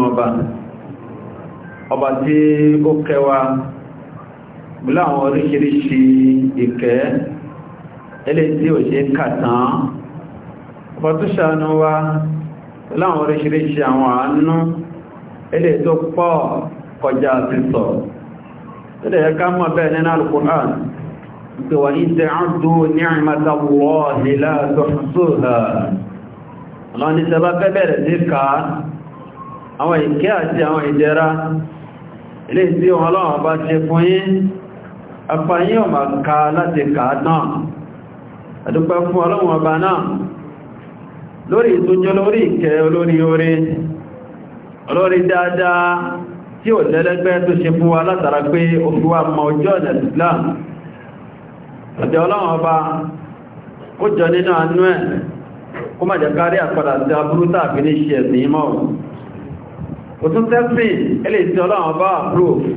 ọlọ́run ọba ọba tí ó kẹwa bílá àwọn oríṣiríṣi ìkẹ́ ẹlẹ́ tí o ṣe kàtàn ọba tó ṣàánú wa bílá àwọn oríṣiríṣi àwọn àánú ẹlẹ́ tó pọ̀ kọjá sísọ ẹlẹ́ ẹ̀ká mọ̀ bẹ́ẹ̀ nínú Al-Qur'an وإن تعدوا نعمة الله لا تحصوها الله نسبة ببرة ذكر àwọn ìkẹ́ àti àwọn ìdẹ̀ra ilé tí Ọlọ́run bá ṣe fún yín apá yín ò máa ka láti kà náà àdúpẹ́ fún Ọlọ́run ọba náà lórí ìtúnjọ lórí ìkẹ́ olórí orí olórí dáadáa tí ò lẹ́lẹ́gbẹ́ tó ṣe fún wa látara pé ó fi wá mọ ọjọ́ ọ̀nà Islam ọ̀dẹ̀ Ọlọ́run ọba kó jọ nínú àánú ẹ̀ kó má òtún tẹ́sì ilé tí ọlọ́run bá approve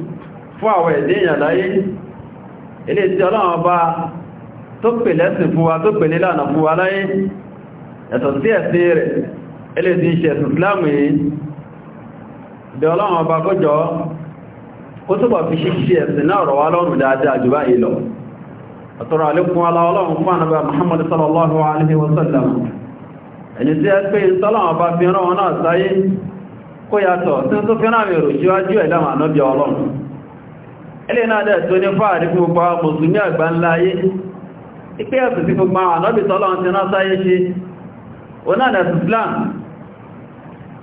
fún àwọn ẹ̀dẹ́ èèyàn láyé ilé tí ọlọ́run bá tó pè lẹ́sìn fún wa tó pè nílànà fún wa láyé ẹ̀tọ̀ sí ẹ̀sìn rẹ̀ ilé tí ń ṣe ẹ̀sìn islamu yìí bí ọlọ́run bá kójọ ó túbọ̀ fi ṣíṣe ẹ̀sìn náà rọ̀ wá lọ́rùn dáadáa jù báyìí lọ àtọ̀rọ̀ àlékún ala ọlọ́run fún ànàbà Muhammad sallallahu alaihi wasallam ẹni tí ẹ pé ìtọ́lọ́run bá fi rán wọn náà sáyé kó yàtọ̀ tí tó fi náà mẹ́rò jíwájú ẹ̀ láwọn ànábí ọlọ́run ilé náà dẹ̀ tó ní fàárí fún gbogbo àwọn mùsùlùmí àgbà ńlá ayé ipé ẹ̀sùn sí gbogbo àwọn ànábí tọ́lọ́run ti náà sáyé ṣe onáà ẹ̀sùn Islam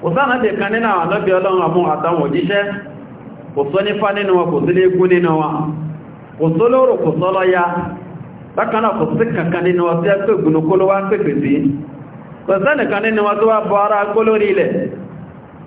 kò sáà dẹ̀ kan nínú àwọn ànábí ọlọ́run àmú àtàwọn òjíṣẹ́ kò sọ nífá nínú wọn kò sí léegun nínú wọn kò sọ lóòrò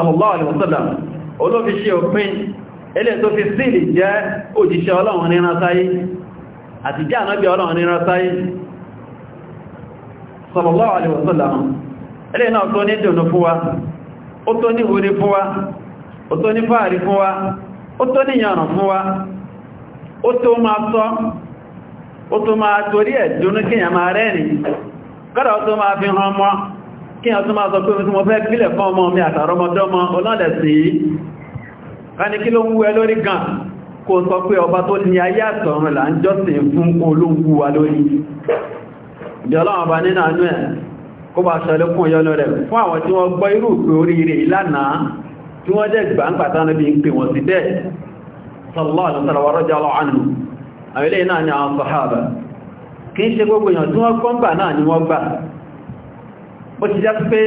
sallallahu alaihi wasallam olófi ṣe òpin ilẹ̀ tó fi sílì jẹ́ òjíṣẹ́ ọlọ́run níran sáyé àti jẹ́ ànábí ọlọ́run níran sáyé sallallahu alaihi wasallam ilẹ̀ náà tó ní dùnú fún wa ó tó ní wúrí fún wa ó tó ní fáàrí fún wa ó tó ní yànràn fún wa kí a tún máa sọ pé tí mo fẹ́ pílẹ̀ fún ọmọ mi àtàrọmọdọ́mọ ọlọ́lẹ̀sí ká ní kí ló ń wú ẹ lórí gan kò sọ pé ọba tó ní ayé àtọ̀run là ń jọ́sìn fún olóngbù wa lórí ìdí ọlọ́run ọba nínú àánú ẹ̀ kó bá ṣọlékún ni àwọn bó ti já pé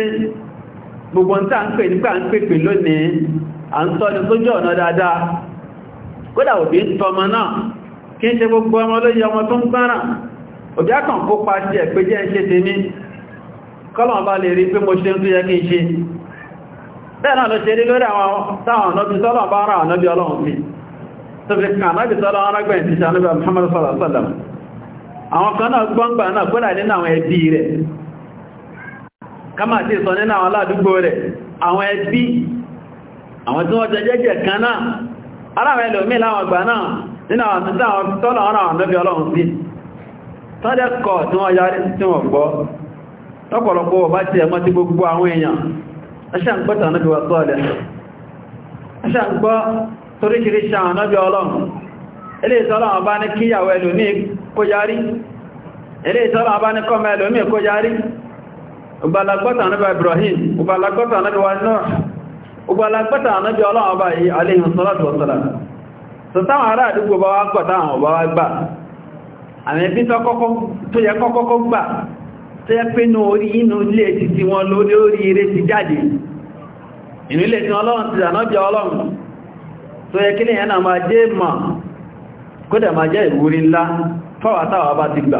gbogbo ń tà ń pè nígbà ń pèpè lónìí à ń tọ́ni sójú ọ̀nà dáadáa kódà òbí ń tọmọ náà kí ń ṣe gbogbo ọmọ ló ọmọ tó ń gbáràn òbí àkàn kó pa sí ẹ̀ pé jẹ́ ń ṣe tèmi kọ́lọ̀ bá lè rí pé mo ṣe n ṣe bẹ́ẹ̀ náà ṣe rí lórí àwọn táwọn ọ̀nàbí sọ́lọ̀ bá ọ̀nàbí kama ti sọ nínú àwọn aládùúgbò rẹ̀ àwọn ebi, àwọn tí wọ́n jẹ jẹ́jẹ̀ kan náà aláwẹ̀ ẹlòmí láwọn gbà náà nínú àwọn títà àwọn tọ́lọ àwọn àwọn lọ́bí ọlọ́run ti won kọ̀ tí wọ́n gbo tí wọ́n ti gbogbo àwọn èèyàn ẹṣẹ́ ń gbọ́ tànàbí wa sọ́ọ̀lẹ̀ ẹṣẹ́ ń gbọ́ ọgbàlagbọ́ta anábà Ibrahim ọgbàlagbọ́ta anábà Nuh ọgbàlagbọ́ta anábà ọlọ́wọ́ bá yí aléhìn sọ́lọ́tù ọ̀sọ́lá sọ́tàwọn ará àdúgbò bá wá pọ̀tà àwọn ọba wá gbà àmì ẹbí tó yẹ kọ́kọ́kọ́ gbà tó yẹ pé orí inú ilé ti ti wọn lórí orí eré ti jáde inú ilé ti ọlọ́run ti ànábì náà máa jẹ́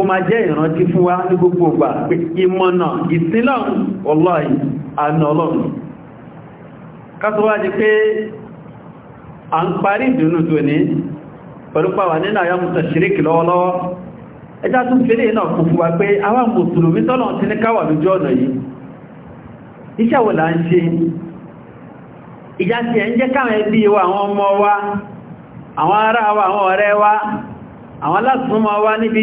kó máa jẹ́ ìrántí fún wa ní gbogbo ọgbà pé ìmọ̀nà ìsìnlọ́run ọlọ́yìn àna kásọwájí pé a ń parí ìdùnnú tó ní pẹ̀lú pàwà nínú àyàmùsọ̀ ṣíríkì lọ́wọ́lọ́wọ́ ẹjá tún náà fún wa pé àwọn mùsùlùmí ti ní káwà lójú wa àwọn ọmọ wa àwọn wa àwọn ọ̀rẹ́ wa àwọn alásùnmọ́ wa níbi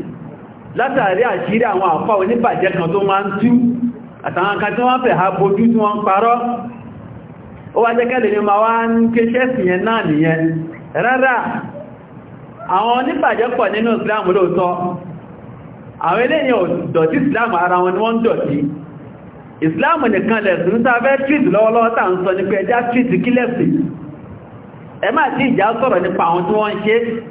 látàrí àṣírí àwọn àfá oníbàjẹ́ kan tó máa ń tú àtàwọn kan tí wọ́n fẹ̀ ha bojú tí wọ́n ń parọ́ ó wá jẹ́kẹ́lẹ̀ ni ma wá ń kéṣẹ́ sí yẹn náà nìyẹn rárá àwọn oníbàjẹ́ pọ̀ nínú Islam lóòtọ́ àwọn eléyìn ọ̀dọ̀tí Islam ara wọn ni wọ́n ń dọ̀tí Islam nìkan lẹ̀sùn nípa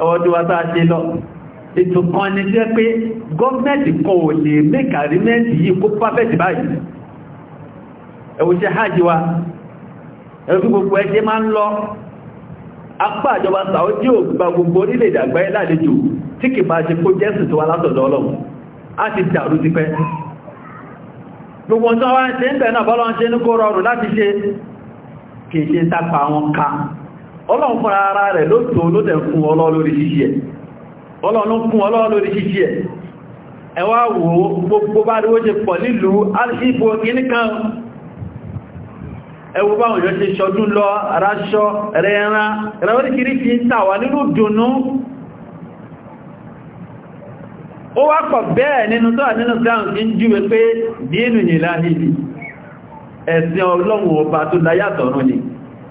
ẹwọ́dún wa tàà ṣe lọ ètò kan ni jẹ́ pé gọọmenti kọ ò lè mẹ́kà rímẹ́ntì yìí kó pàfẹ́tì báyìí ha ji wa ẹ̀rọ gbogbo ẹṣẹ́ máa ń lọ apá àjọba Saudi ò gba gbogbo orílẹ̀-èdè àgbáyé láti ṣe ọlọ́run ara rẹ̀ ló tó ló tẹ̀ fún ọlọ́run lórí ṣíṣí ẹ̀ ọlọ́run fún ẹ wá wò gbogbo bá rí ó ṣe pọ̀ nílùú alìsíbò kìníkan ẹwọ báwọn yóò ṣe ṣọdún lọ aráṣọ rẹ̀ẹ̀rán rẹ̀wọ́dìkìríkì ẹ̀sìn ọlọ́run ọba tó láyàtọ̀ ọ̀run ni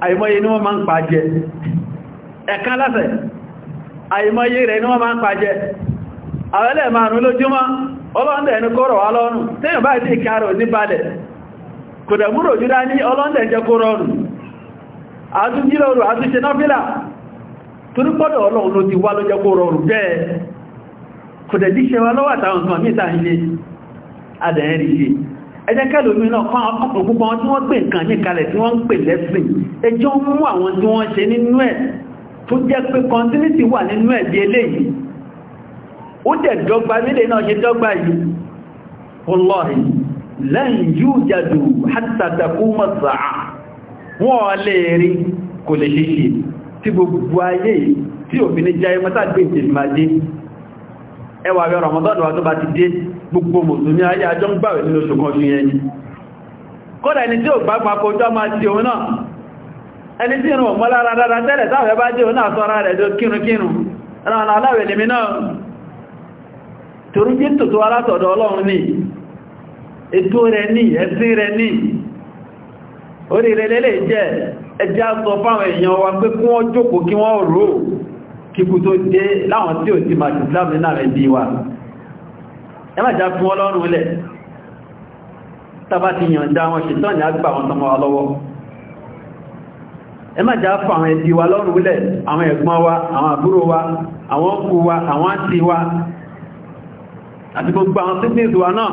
ayi ni wọ́n máa ń pàjẹ ẹ̀kan lásẹ̀ àìmọye rẹ̀ ni wọ́n máa ń pàjẹ àwẹ́lẹ̀ márùn lójúmọ́ ọlọ́ndẹ̀ ẹni kọ́rọ̀ wá lọ́rùn tẹ́yàn bá ìdí ìkàrọ̀ ní balẹ̀ kò dẹ̀múrò jùlá ní ọlọ́ndẹ̀ kó rọrùn kò ẹjẹ́kẹ́lò mìíràn fún ọ̀pọ̀ púpọ̀ tí wọ́n gbé nǹkan ní kalẹ̀ tí wọ́n ń pè lẹ́sìn ẹjọ́ mú àwọn tí wọ́n ṣe nínú ẹ̀ tó jẹ́ pé continuity wà nínú ẹ̀ bí eléyìí ó dẹ̀ dọ́gba nílé náà ṣe dọ́gba yìí wallahi lan yujadu hatta taquma as-sa'a wọ́n lè rí kò lè ṣe ṣe tí gbogbo ayé tí òfin jẹ́ mọ́tàgbé ìtẹ̀lìmájé ẹwà rẹ̀ Ramadan wà tó bá ti dé gbogbo mùsùlùmí ayé àjọ ń gbàwẹ̀ nínú oṣù kan ṣúyẹn ni kódà ẹni tí ó bá pàkójọ́ máa ti òun náà ẹni tí ìrùn ọmọ lára dára tẹ́lẹ̀ táfẹ́ bá jẹ́ òun náà sọ́ra rẹ̀ tó kírunkírun ẹran aláwẹ̀ wa kí láwọn tí ò ti màtìsílámù náà rẹ̀ bí wa ẹmàjá fún ọlọ́run ilẹ̀ tàbá ti yànjá wọn ṣetán ní àgbà wọn tọmọ alọ́wọ́ ẹmàjá fún àwọn ẹbí wa lọ́rùn ilẹ̀ àwọn ẹ̀gbọ́n wa àwọn àbúrò wa àwọn ọkù wa àwọn àti wa àti gbogbo àwọn siblings wa náà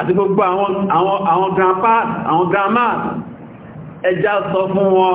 àti gbogbo àwọn grandpas àwọn grandmas ẹjá sọ fún wọn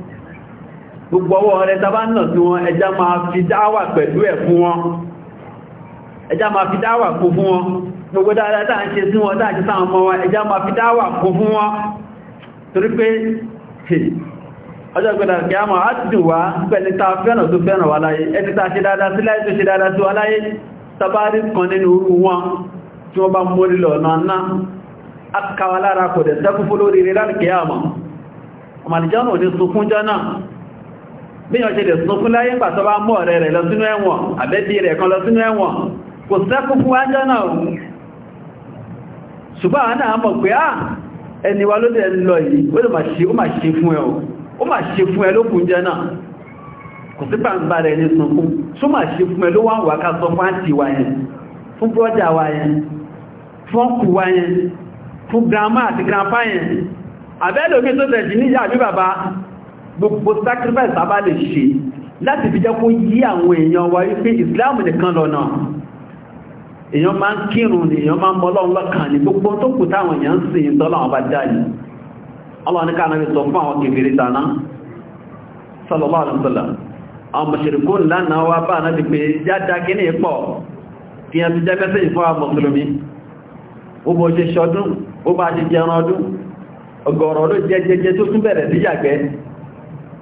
gbogbo ọwọ́ rẹ̀ tàbá náà tí wọn ẹjá máa fi dáwà pẹ̀lú ẹ̀ fún wọn ẹjá máa fi dáwà kó fún wọn gbogbo dáadáa tàà ń ṣe sí wọn tàà ti sáà mọ́ wọn ẹjá máa fi dáwà kó fún wọn torí pé ọjọ́ ìgbẹ̀dà kí a máa dùn wá pẹ̀lú ta fẹ́ràn tó bíyàn ṣe lè sunkún láyé pàtọ́ bá mọ́ ọ̀rẹ́ rẹ̀ lọ sínú ẹ̀wọ̀n àbẹ́bí rẹ̀ kan lọ sínú ẹ̀wọ̀n kò sẹ́kù fún ajọ́ náà ohun ṣùgbọ́n àwọn náà mọ̀ pé á ah, ẹni wa ló dẹ̀ lọ yìí ó mà ṣe fún ẹ ó mà grandma àti grandpa yẹn àbẹ́lòmí tó tẹ̀sí níyà àbí bàbá gbogbo sacrifice a bá lè ṣe láti fi jẹ́ kó yí àwọn èèyàn wa wípé islam nìkan lọ́nà èèyàn máa ń kírun ní èèyàn máa ń mọ́lọ́run lọ́kàn ní gbogbo tó kù táwọn èèyàn ń sìn àwọn bá dáyì Allah ní káàkiri sọ fún àwọn kèfèrè sallallahu alaihi wasallam àwọn mọ̀ṣẹ̀rẹ̀kó lánàá wá bá náà ti pé jáda kí ní pọ̀ fi hàn ti jẹ́fẹ́sẹ̀ ìfún àwọn mùsùlùmí ó bó ṣe ṣọdún ó bá ṣe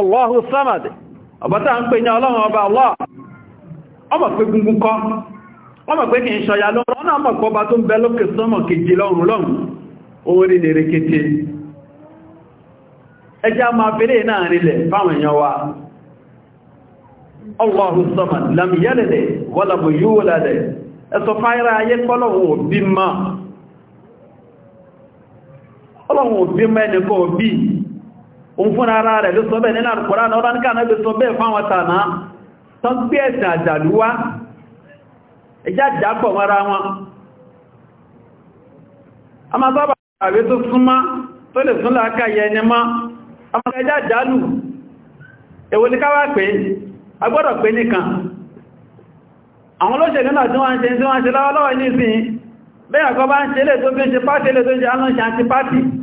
Allahu Samad ọ̀bọ̀tá ń ọba Allah ọmọ pé gungun kọ́ ọmọ pé kí n ṣọya lọ́rọ̀ ọ̀nà ọmọ pọba tó ń bẹ lókè sọmọ kejì lọ́run lọ́run orí ní rekete na wa Allahu Samad lam yalid wa lam yulad òun fún ara rẹ̀ ló sọ bẹ́ẹ̀ nínú àrùkùnrà náà ránkà náà ló sọ bẹ́ẹ̀ fáwọn tànà tó ń gbé ẹ̀sìn àjàlúwá ẹjá mara wọn a máa sábà àwé tó súnmá tó lè súnlá káyẹ ẹni a máa ẹjá jálù èwo ní káwà pé a gbọ́dọ̀ pé nìkan àwọn olóṣèlú náà tí wọ́n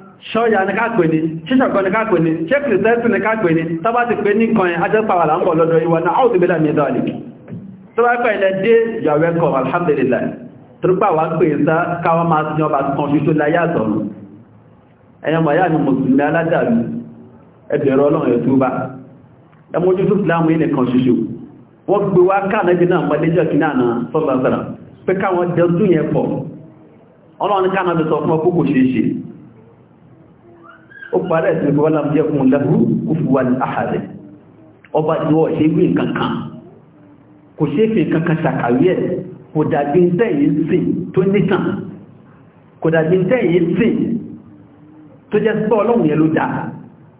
ṣọ́yà ní káàkùn ní ṣíṣọ̀kọ́ ní káàkùn ní ṣe kìrìsẹ́sì ní káàkùn ní tọ́bá ti pé ní kan ẹ̀ ajẹ́pàwàlà ń bọ̀ lọ́dọ̀ ìwọ̀ náà áwọ̀ ìbílẹ̀ ní alhamdulillah torípa wà pè ń sá káwọn máa sin ọba kan ṣoṣo ni mùsùlùmí aládàlú ẹbẹ̀rẹ̀ ọlọ́run ẹ̀ tó bá ẹmójú tó fìlàmù yìí nìkan ṣoṣo wọ́n gbé wá káàdẹ́bí náà mọ́lẹ́jọ́ kí náà náà sọ́lọ́sọ́lọ́ pé káwọn jẹ́ tún yẹn pọ̀ ọlọ́run káàdẹ́bí sọ fún ọkọ̀ kò ṣeé ṣe ó parẹ́ ìsinmi wọ́n láti jẹ́kùn lẹ́hù kúfùwà ní àhàrẹ̀ ọba ìwọ̀ ṣe wí kankan kò ṣe fi kankan ṣàkàwí ẹ̀ kò dàbí tẹ́yìn sí tó nítàn kò dàbí tẹ́yìn sí tó jẹ́ pé ọlọ́run yẹn ló dá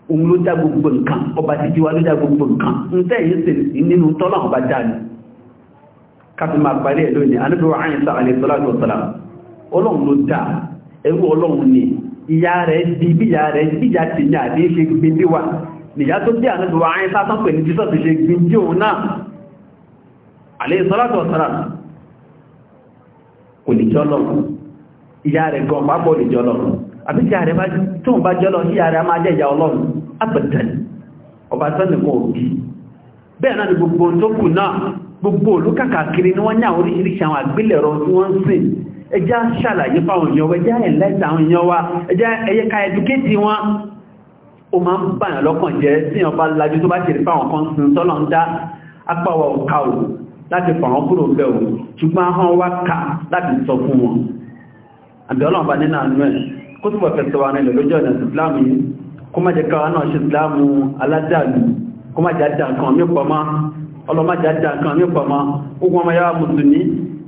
òun ló dá gbogbo nǹkan ọba títí wa ló dá gbogbo nǹkan ń tẹ́yìn sí nínú tọ́lọ́run bá dá ni káfí máa parí ẹ̀ lónìí anábíwá àyìnsá àlẹ́ sọ́lá ọlọ́run ló dá ẹrú ọlọ́run ni ìyá rẹ̀ di bíyà rẹ̀ bíyà ti ní àdé ṣe gbindí wa nìyà tó bí àná gbogbo àárín sásán pè ní ṣe gbindí òun náà ìsọ́látọ̀ sára kò lè ìyá rẹ̀ gan lè a ọba òbí bẹ́ẹ̀ náà ni gbogbo tó kù náà gbogbo òlú kàkàkiri ni wọ́n ní àwọn oríṣiríṣi àwọn rọ tí wọ́n ń sìn ẹjá ṣàlàyé fáwọn èèyàn wa ẹjá ẹ̀lẹ́sì àwọn èèyàn wa ẹjá ẹyẹka ẹdùkétì wọn ó máa ń bàyàn lọ́kàn jẹ́ tí wọ́n o lajú tó bá rí fáwọn kan sin ń dá apáwọ̀ ọ̀ka o láti kúrò bẹ̀ ṣùgbọ́n ahọ́n sọ fún wọn àbí nínú àánú ẹ̀ kó lójú ọ̀nà ìsìláàmù yìí kó má jẹ́ káwa náà ṣe ìsìláàmù aládàlú ọlọ́májájá kan ní pọ̀mọ́ ogun ọmọ yáwà mùsùlùmí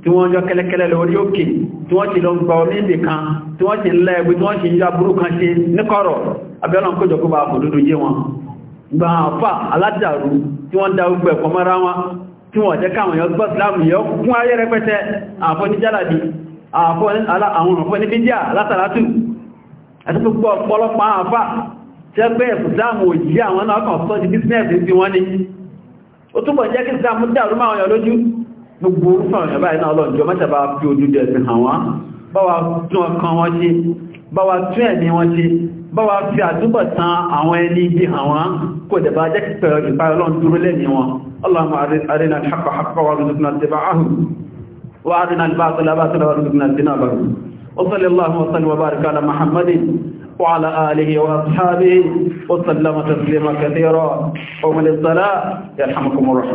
tí wọ́n jọ kẹ́lẹ́kẹ́lẹ́ lórí òkè tí wọ́n ti lọ gba omi ìbì kan tí wọ́n ti ń lẹ́ẹ̀gbé tí wọ́n ti ń yá burú kan ṣe níkọ̀rọ̀ abẹ́lọ́n kójọ kó bá fòdúdú yé wọn gba àfà aládàrú tí wọ́n dá gbogbo ẹ̀kọ́ mọ́ra wọn tí wọ́n jẹ́ káwọn yọ gbọ́ sílámù ó túnbọ̀ jẹ́ kí ìsìlámù dàrú máa ọ̀yàn lójú gbogbo orúfà ọ̀yàn báyìí náà lọ́njọ́ mẹ́tàbá fi ojú dẹ̀sìn hàn wá báwa tún ọkàn wọn ṣe báwa tún ẹ̀mí wọn ṣe báwa fi àtúbọ̀tán àwọn ẹni ibi hàn wá kò dẹ̀ bá jẹ́ kí ìpayọ̀ lọ́n dúró lẹ́mí wọn Allahumma arina al-haqqa haqqan warzuqna ittiba'ahu wa arina al-batila batilan warzuqna ijtinabahu wa sallallahu wa sallam wa baraka ala Muhammadin وعلى آله وأصحابه وسلم تسليما كثيرا ومن الصلاة يرحمكم الرحمن